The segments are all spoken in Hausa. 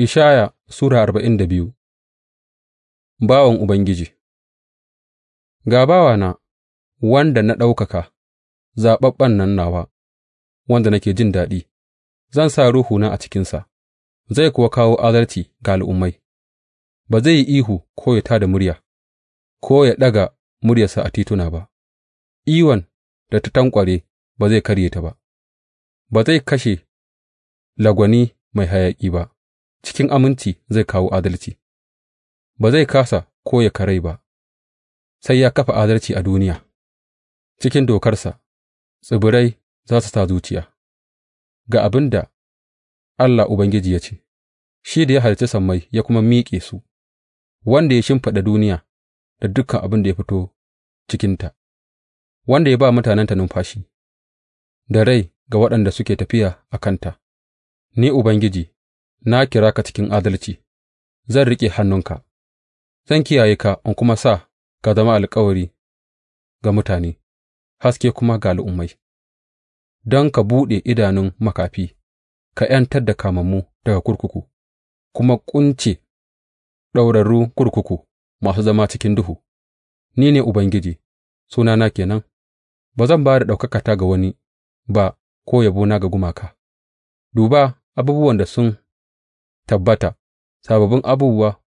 Ishaya Sura arba'in da biyu Bawan Ubangiji Ga bawana, wanda na ɗaukaka, zaɓaɓɓen nan nawa, wanda nake jin daɗi, zan sa ruhuna a cikinsa, zai kuwa kawo adalci ga al'ummai, ba zai yi ihu ko ya tā da murya, ko ya ɗaga muryarsa a tituna ba, Iwon da ta tanƙware ba zai karye ta ba, ba zai kashe lagwani mai hayaƙi ba. cikin aminci zai kawo adalci, ba zai kasa ko ya karai ba, sai ya kafa adalci a duniya, cikin dokarsa tsibirai za su sa zuciya ga abin da Allah Ubangiji ya ce, shi da ya halci sammai ya kuma miƙe su, wanda ya shimfiɗa duniya da dukkan abin da ya fito cikinta, wanda ya ba mutanenta numfashi, da rai ga waɗanda suke tafiya a kanta, ni Ubangiji na kira ka cikin adalci, zan riƙe hannunka, zan kiyaye ka in kuma sa ka zama alkawari ga mutane, haske kuma ga al'ummai, don ka buɗe idanun makafi, ka ’yantar da kamammu daga kurkuku, kuma ƙunce ɗaurarru kurkuku masu zama cikin duhu. Ni ne Ubangiji, sunana ke nan, ba zan ba da ɗaukakata ga wani ba ko yabona ga gumaka. Duba abubuwan da sun tabbata, sababbin abubuwa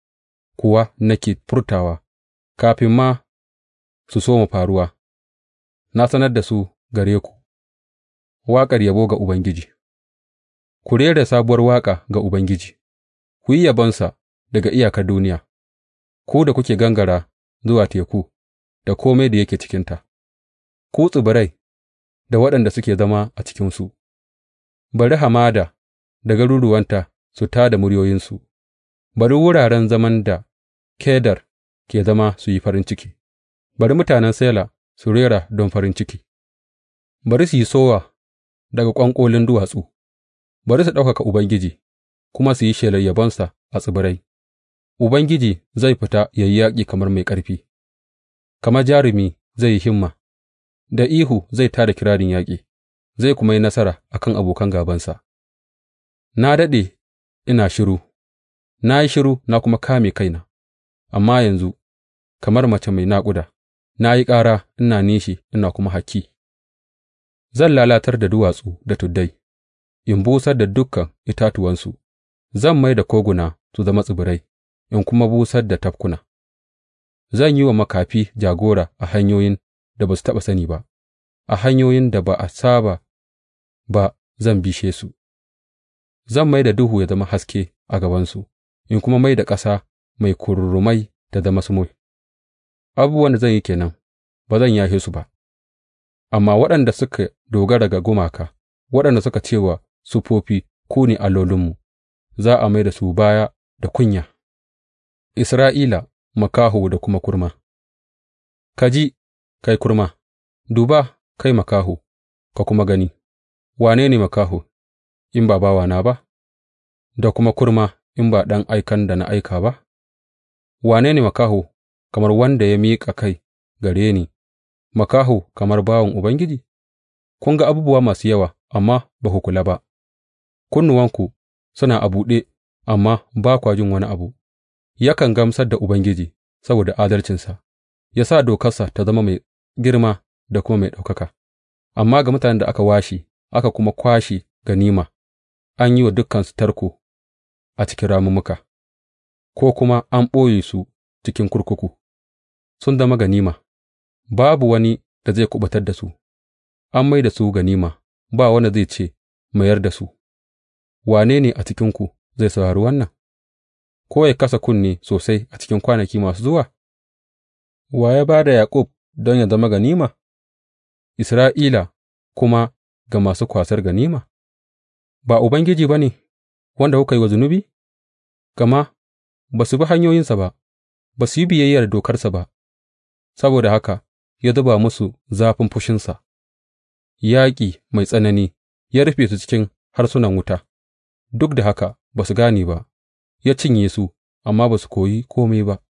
kuwa nake furtawa, kafin ma su soma faruwa, na sanar da su gare ku, waƙar yabo ga Ubangiji Ku rera sabuwar waƙa ga Ubangiji, ku yi yabonsa daga iyakar duniya, ku da kuke gangara zuwa teku da kome da yake cikinta, ku tsibirai da waɗanda suke zama a cikinsu, bari hamada da garuruwanta su tā da muryoyinsu, bari wuraren zaman da Kedar ke zama su yi farin ciki, bari mutanen Sela su rera don farin ciki, bari su yi sowa daga ƙwanƙolin duwatsu, bari su ɗaukaka Ubangiji kuma su yi shelar yabonsa a tsibirai, Ubangiji zai fita ya yi yaƙi kamar mai ƙarfi, kamar jarumi zai yi himma, da ihu zai tā kirarin yaƙi, zai kuma yi nasara a kan abokan gabansa. Na daɗe ina shiru, na yi shiru na kuma kame kaina, amma yanzu, kamar mace mai naƙuda, na yi ƙara ina nishi ina kuma haki; zan lalatar da duwatsu da tuddai in busar da dukan itatuwansu, zan mai da koguna su zama tsibirai in kuma busar da tafkuna; zan yi wa makafi jagora a hanyoyin da ba su taɓa sani ba, a hanyoyin da ba a saba ba zan bishe su. Zan mai da duhu ya zama haske a gabansu in kuma mai da ƙasa mai kururrumai ta zama sumul; abubuwan da zan yi kenan, ba zan yashe su ba, amma waɗanda suka dogara ga gumaka, waɗanda suka ce wa sufofi Ku ne allolinmu,’ za a mai da su baya da kunya, Isra'ila makaho da kuma kurma Ka ji, kai kurma, duba, kai makaho, ka kuma gani, wane ne makaho? in ba bawana ba, da kuma kurma in ba ɗan aikan da na aika ba? Wane ne makaho kamar wanda ya miƙa kai gare ni, makaho kamar bawan Ubangiji? Kun ga abubuwa masu yawa, amma ba ku kula ba, kunnuwanku suna a buɗe, amma ba kwa jin wani abu, yakan gamsar da Ubangiji saboda adalcinsa, ya sa dokarsa ta zama mai girma da kuma mai ɗaukaka, amma ga mutanen da aka washe aka kuma kwashe ganima. an yi wa dukansu tarko a cikin ramummuka, ko kuma an ɓoye su cikin kurkuku, sun zama ganima, babu wani da zai kuɓutar da su, an mai da su ganima, ba wanda zai ce, mayar da su, wane ne a cikinku zai saurari wannan, ko ya kasa kunne sosai a cikin kwanaki masu zuwa? Wa ya ba da Yaƙub don ya zama ganima, Isra'ila kuma ga masu kwasar ganima? ba Ubangiji ba ne wanda kuka yi wa zunubi, gama ba su bi hanyoyinsa ba, ba su yi biyayyar dokarsa ba, saboda haka ya zuba musu zafin fushinsa, yaƙi mai tsanani ya rufe su cikin harsunan wuta, duk da haka ba su gane ba, ya cinye su, amma ba su koyi kome ba.